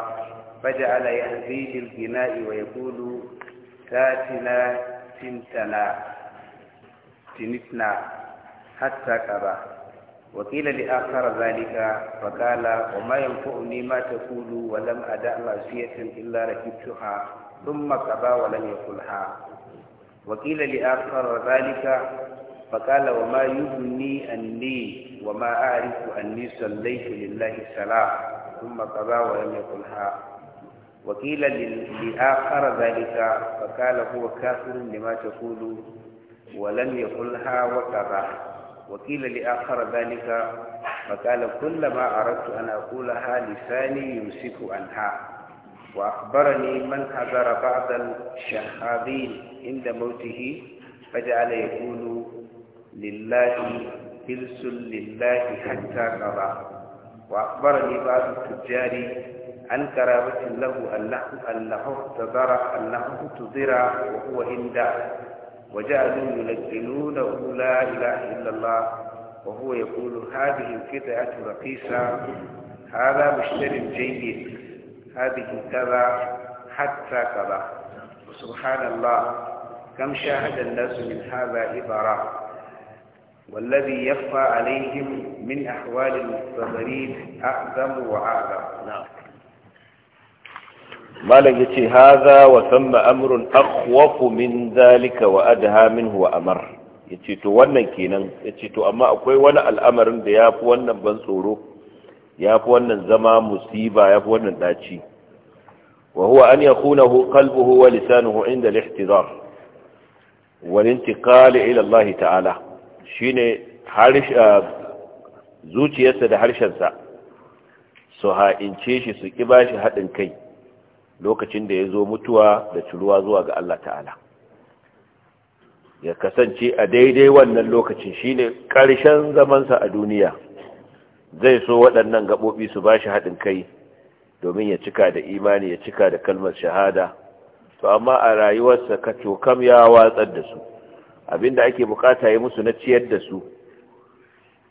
فجعل يهدي بالغناء ويقول تاتنا تنتنا تنتنا حتى كبا وقيل لآخر ذلك فقال وما ينفعني ما تقول ولم أدع معصية إلا ركبتها ثم كبا ولم يقلها وقيل لآخر ذلك فقال وما يبني أني وما أعرف أني صليت لله السلام ثم قضى ولم يقلها وقيل لآخر ذلك فقال هو كافر لما تقول ولم يقلها وكذا وقيل لآخر ذلك فقال كلما أردت أن أقولها لساني يمسك عنها وأخبرني من حضر بعض الشهابين عند موته فجعل يقول لله فلس لله حتى قضى وأخبرني بعض التجار عن كرامة له أنه أنه اعتذر أنه اعتذر وهو هند وجعلوا يلجلونه لا إله إلا الله وهو يقول هذه القطعة رقيصة هذا مشتري جيد هذه كذا حتى كذا وسبحان الله كم شاهد الناس من هذا إبرة والذي يخفى عليهم من أحوال المستظهرين أعظم وأعظم نعم malam ya ce haza wa samma amrun akhwafu min zalika wa adha minhu wa amar ya ce to wannan kenan ya ce to amma akwai wani al'amarin da ya fi wannan ban tsoro ya fi wannan zama musiba ya fi wannan daci wa huwa an yakunahu qalbuhu wa lisanuhu inda al-ihtizar wal intiqal ila Allah ta'ala shine ah, zuciyarsa da harshensa su ha'ince shi su ƙi bashi haɗin kai lokacin da ya zo mutuwa da tuluwa zuwa ga Allah ta'ala ya kasance a daidai wannan lokacin shine ƙarshen zamansa a duniya zai so waɗannan gaɓoɓi su ba shi haɗin kai domin ya cika da imani ya cika da kalmar shahada to amma a rayuwarsa ka cokam ya watsar da su abinda ake bukata ya musu na ciyar da su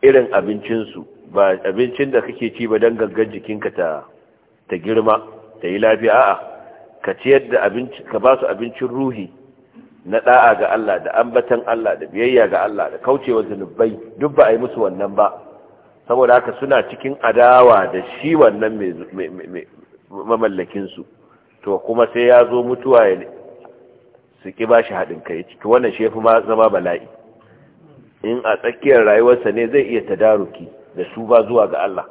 irin abincinsu ba abincin da kake ci ba don gangan jikinka ta girma ta yi lafiya a ka ciyar da ka ba su abincin ruhi na da'a ga Allah da ambatan Allah da biyayya ga Allah da kaucewa zunubai duk ba a yi musu wannan ba saboda haka suna cikin adawa da shi wannan mamallakinsu to kuma sai ya zo mutuwa ya su ƙi ba shi haɗin kai ciki wannan shi ya fi zama bala'i in a tsakiyar rayuwarsa ne zai iya tadaruki da su ba zuwa ga Allah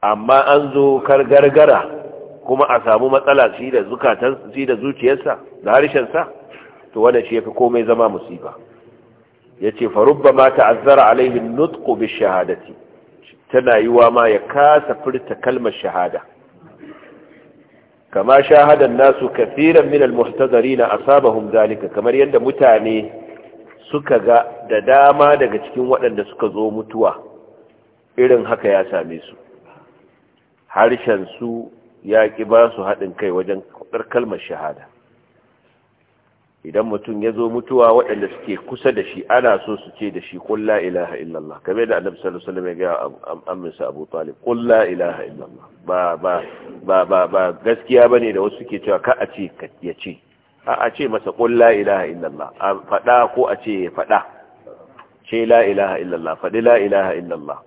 amma an zo gargara kuma a samu matsala shi da zuciyarsa da harshensa to wannan shi yafi komai zama musiba yace fa rubbama ta'azzara alaihi nutqu bi shahadati tana yiwa ma ya kasa furta kalmar shahada kama shahadan nasu kafiran min na asabahum zalika kamar yadda mutane suka ga da dama daga cikin waɗanda suka zo mutuwa irin haka ya same su harshen su ya ƙi ba su haɗin kai wajen kwaɗar kalmar shahada idan mutum ya zo mutuwa waɗanda suke kusa da shi ana so su ce da shi ƙulla ilaha illallah kamar da annabi sallallahu alaihi wasallam ya ga amminsa Abu Talib ƙulla ilaha illallah ba ba ba ba ba gaskiya bane da wasu suke cewa ka a ce ya ce a a ce masa ƙulla ilaha illallah a faɗa ko a ce ya faɗa ce la ilaha illallah faɗi la ilaha illallah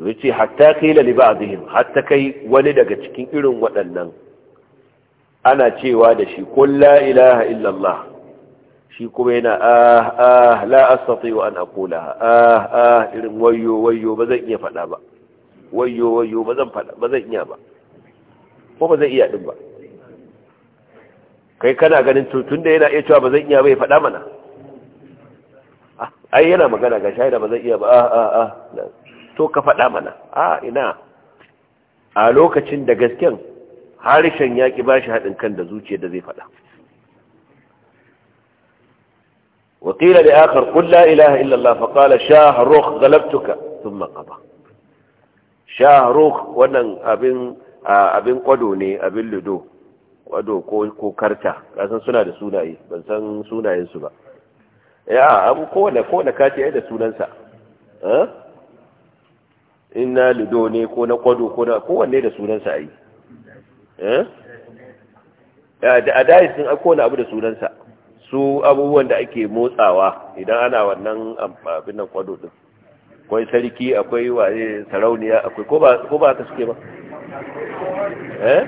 to yace hatta qila li ba'dihim hatta kai wani daga cikin irin waɗannan ana cewa da shi qul la ilaha illallah shi kuma yana ah ah la astati an aqula ah ah irin wayyo wayyo ba zan iya faɗa ba wayyo wayyo ba zan faɗa ba zan iya ba ko ba zan iya din ba kai kana ganin tun da yana iya cewa ba zan iya bai faɗa mana ah, ai yana magana ga shaida ba zan iya ba ah ah ah so ka faɗa mana a ina a lokacin da gasken harshen ya ƙi shi haɗin kan da zuciya da zai faɗa wakila da akar kulla ilaha illallah faƙala shaharuk galabtuka sun makaba shaharuk wannan abin abin kwado ne abin ludo kwado ko karta ƙasan suna da sunaye ban san sunayensu ba ya abu kowane kowane kati da sunansa eh Ina lido ne ko na kwado ko na kowanne da sunansa eh? a yi a dais sun kowane abu da sunansa su abubuwan da ake motsawa idan ana wannan abin nan kwado din akwai sarki akwai waye sarauniya akwai ko ba ka suke ba eh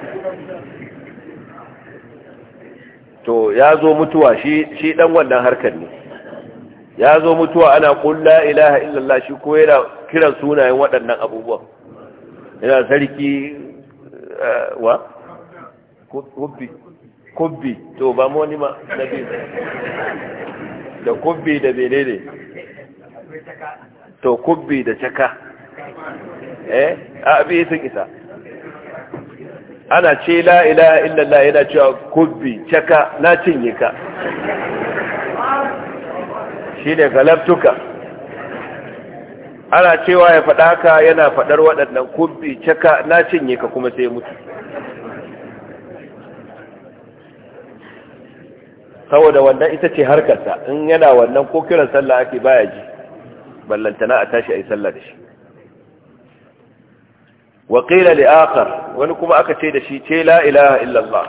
to ya zo mutuwa shi dan wannan harkar ne ya zo mutuwa ana kulla ilaha illallah shi ko yana kiran sunayen waɗannan abubuwan yana sarki eh, wa kubbi kubbi to ba mu wani ma na biyu da kubbi da ne to kubbi da caka eh a abi sun isa ana ce la ilaha illallah yana cewa kubbi caka na cinye ka shine galabtuka ana cewa ya faɗa ka yana faɗar waɗannan kumbi caka na cinye ka kuma sai mutu saboda wannan ita ce harkarsa in yana wannan ko kiran sallah ake baya ji ballantana a tashi a yi sallah da shi waƙila da akar wani kuma aka ce da shi ce la ilaha illallah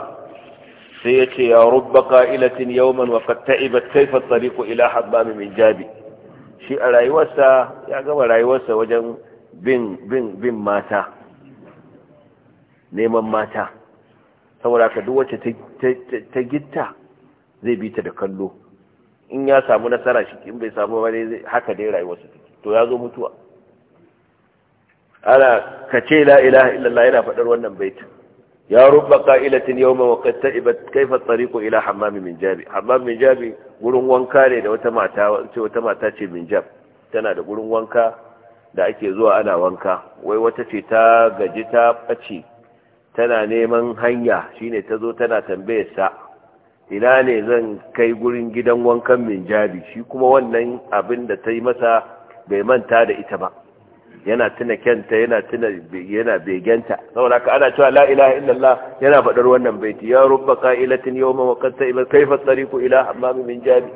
sai ya ce ya rubba ka'ilatin yawman wa fatta'ibat kaifa tsariku ila habbami min jabi shi a rayuwarsa ya gama rayuwarsa wajen bin mata neman mata saboda ka duk wacce ta gitta zai bi ta da kallo in ya samu nasara shi in bai samu ba haka dai rayuwarsa to ya zo mutuwa ana ka ce la ilaha illallah yana faɗar wannan baitin ya rubba qa'ilatin yawma wa qad ta'ibat kayfa at-tariqu ila hammam min jabi hammam min jabi gurin wanka ne da wata mata ce wata mata ce min jab tana da gurin wanka da ake zuwa ana wanka wai wata ce ta gaji ta bace tana neman hanya shine tazo tana tambayar sa ina ne zan kai gurin gidan wankan min jabi shi kuma wannan abin da ta yi masa bai manta da ita ba yana tuna kenta, yana tuna yana beganta saboda ka ana cewa la ilaha illallah yana faɗar wannan baiti ya rubba qa'ilatin yawma wa qad ta'ima kayfa tariqu ila hammam min jabi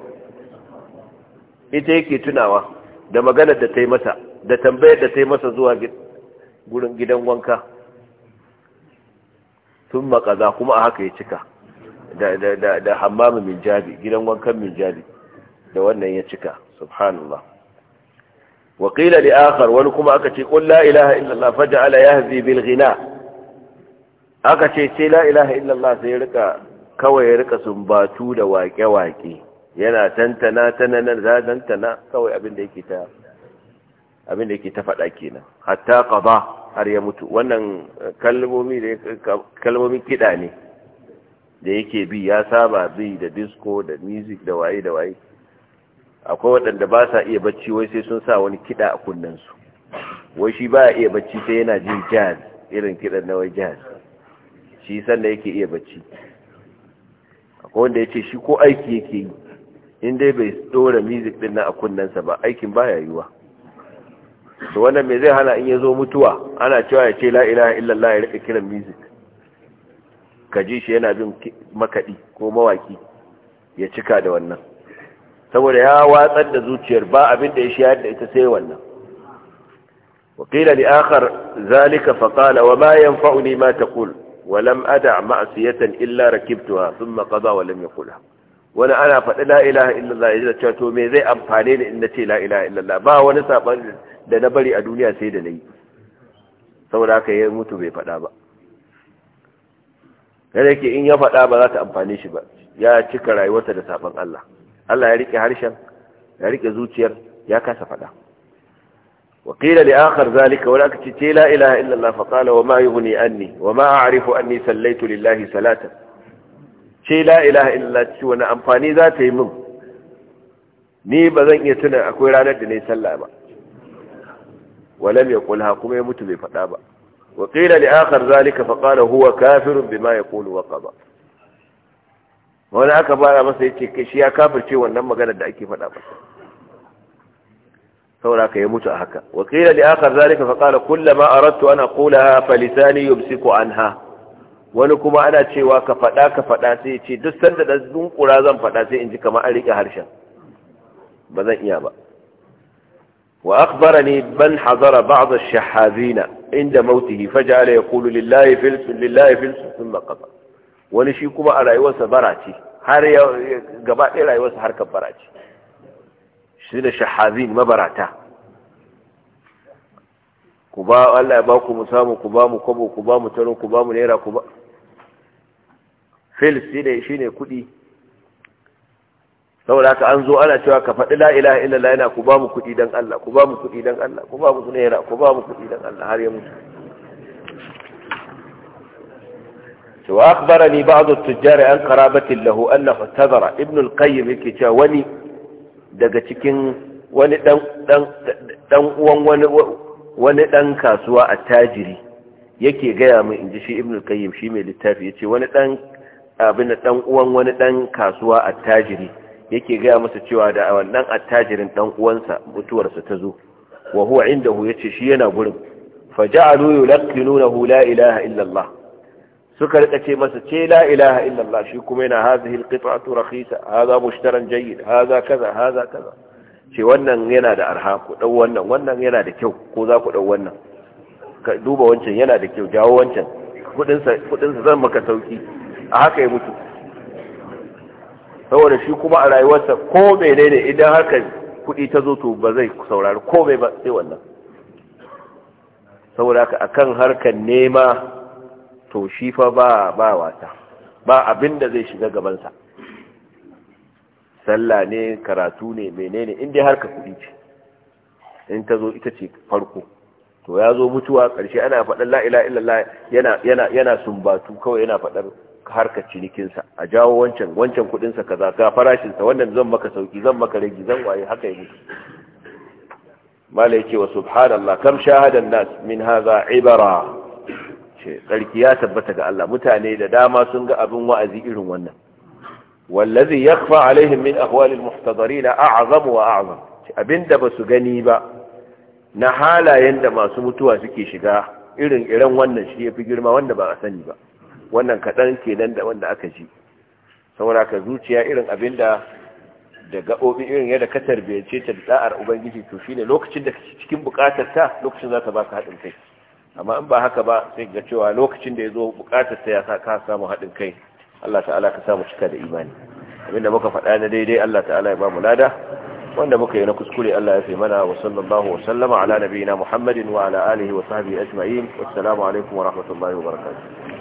ita yake tunawa da magana da ta yi masa da tambayar da ta yi masa zuwa gurin gidan wanka sun qaza kuma a haka ya cika da hammamu min jabi gidan wankan min jabi da wannan ya cika subhanallah wa qila wani kuma aka ce qul la ilaha illa Allah faj'ala yahzi bil aka ce ce la ilaha illa Allah sai rika kawai ya rika sumbatu da waƙe-waƙe yana tantana tananan za tantana kawai abin da yake ta abin da faɗa kenan hatta qada har ya mutu wannan kalmomi kiɗa ne da yake bi ya saba bi da disko, da music da waye da akwai waɗanda ba sa iya bacci wai sai sun sa wani kiɗa a kunnensu wai shi ba iya bacci sai yana jin jazz irin kiɗan na wai jazz shi sanda yake iya bacci akwai wanda ya ce shi ko aiki yake yi in dai bai ɗora music ɗin na a kunnensa ba aikin ba ya yiwa to wannan me zai hana in ya zo mutuwa ana cewa ya ce la ilaha illallah ya rika kiran music ka ji shi yana bin makaɗi ko mawaƙi ya cika da wannan saboda ya watsar da zuciyar ba abin da ya shayar da ita sai wannan wakila li akhar zalika fa qala wa ma yanfa'uni ma taqul wa lam ada' ma'siyatan illa rakibtuha thumma qada wa lam yaqulha wani ana faɗi la ilaha illallah ya cewa to me zai amfane ni in nace la ilaha illallah ba wani saban da na bari a duniya sai da nayi saboda haka ya mutu bai faɗa ba kada yake in ya faɗa ba za ta amfane shi ba ya cika rayuwarsa da saban Allah Allah ya rike harshen ya rike zuciyar ya kasa faɗa وقيل لآخر ذلك ولكت لا إله إلا الله فقال وما يغني أني وما أعرف أني سليت لله صلاة ce la ilaha illa wani amfani za ta yi min ni ba zan iya tuna akwai ranar da na yi ba walam ya kulha kuma ya mutu bai faɗa ba Wakila liyakar li akhar huwa kafirun bima yaqulu wa wani aka bara masa ya ce shi ya kafirce wannan magana da ake fada masa saboda ka yi mutu a haka wakila da aka ka fa qala kullama aradtu an aqulaha fa lisani anha wani kuma ana cewa ka faɗa ka faɗa sai ya ce duk sanda da dunkura zan faɗa sai in ji kamar an harshen ba zan iya ba wa ne ban hazara ba'd ash-shahazina inda mautihi faja'ala yaqulu lillahi filsun lillahi filsun thumma qata wani shi kuma a rayuwarsa bara ce har ya gaba ɗaya rayuwarsa harkar bara ce shi da shahazin mabarata ku ba Allah ya ba ku mu samu ku ba mu kwabo ku ba mu taro ku ba mu naira ku ba fil shi ne kuɗi saboda haka an zo ana cewa ka faɗi la ilaha illallah yana ku ba mu kuɗi dan Allah ku ba mu kuɗi dan Allah ku ba mu naira ku ba mu kuɗi dan Allah har ya mutu وأخبرني بعض التجار عن قرابة له أنه اعتذر ابن القيم الكتا وني دقتكين وني دن دن دن وني وني دن كاسوا التاجري yake gaya min inji shi ibn al-qayyim shi mai littafi yace wani dan abin dan uwan wani dan kasuwa attajiri yake gaya masa cewa da wannan attajirin dan uwansa mutuwarsa ta zo wa huwa indahu yace shi yana gurin fa faja'alu yulqinunahu la ilaha illa Allah suka rika ce masa ce la ilaha illallah shi kuma yana hazihi alqita'atu rakhisa hadha mushtaran jayyid hadha kaza hadha kaza ce wannan yana da arha ku dau wannan wannan yana da kyau ko za ku dau wannan ka duba wancan yana da kyau jawo wancan kudin sa kudin sa zan maka sauki a haka ya mutu saboda shi kuma a rayuwarsa ko menene idan haka kudi ta zo to ba zai saurari ko ba sai wannan saboda haka akan harkar nema to shi fa ba ba wata ba abin da zai shiga gabansa sallah ne karatu ne menene inda harka kuɗi ce in ta zo ita ce farko to ya zo mutuwa ƙarshe ana faɗar la'ila illallah yana yana yana sumbatu kawai yana faɗar harkar cinikinsa a jawo wancan wancan kuɗinsa kaza ga farashinsa wannan zan maka sauki zan maka rage zan waye haka ya mutu mala yake wa subhanallah kam shahadan nas min hadha ibara ce tsarki ya tabbata ga Allah mutane da dama sun ga abin wa'azi irin wannan wallazi yakfa alaihim min ahwalil muhtadarin a'zam wa a'zam abinda basu gani ba na halayen da masu mutuwa suke shiga irin irin wannan shi yafi girma wanda ba a sani ba wannan kadan kenan da wanda aka ji saboda ka zuciya irin abinda da gaɓoɓi irin yadda ka tarbiyace ta da da'ar ubangiji to shine lokacin da kake cikin bukatar ta lokacin za ta baka haɗin kai amma in ba haka ba sai ga cewa lokacin da ya zo bukatar ta ya sa ka samu haɗin kai Allah ta'ala ka samu cika da imani abinda muka faɗa na daidai Allah ta'ala ya ba mu lada wanda muka yi na kuskure Allah ya fi mana wa sallallahu wa sallama ala nabiyina Muhammadin wa ala alihi wa sahbihi ajma'in wassalamu alaikum wa rahmatullahi wa barakatuh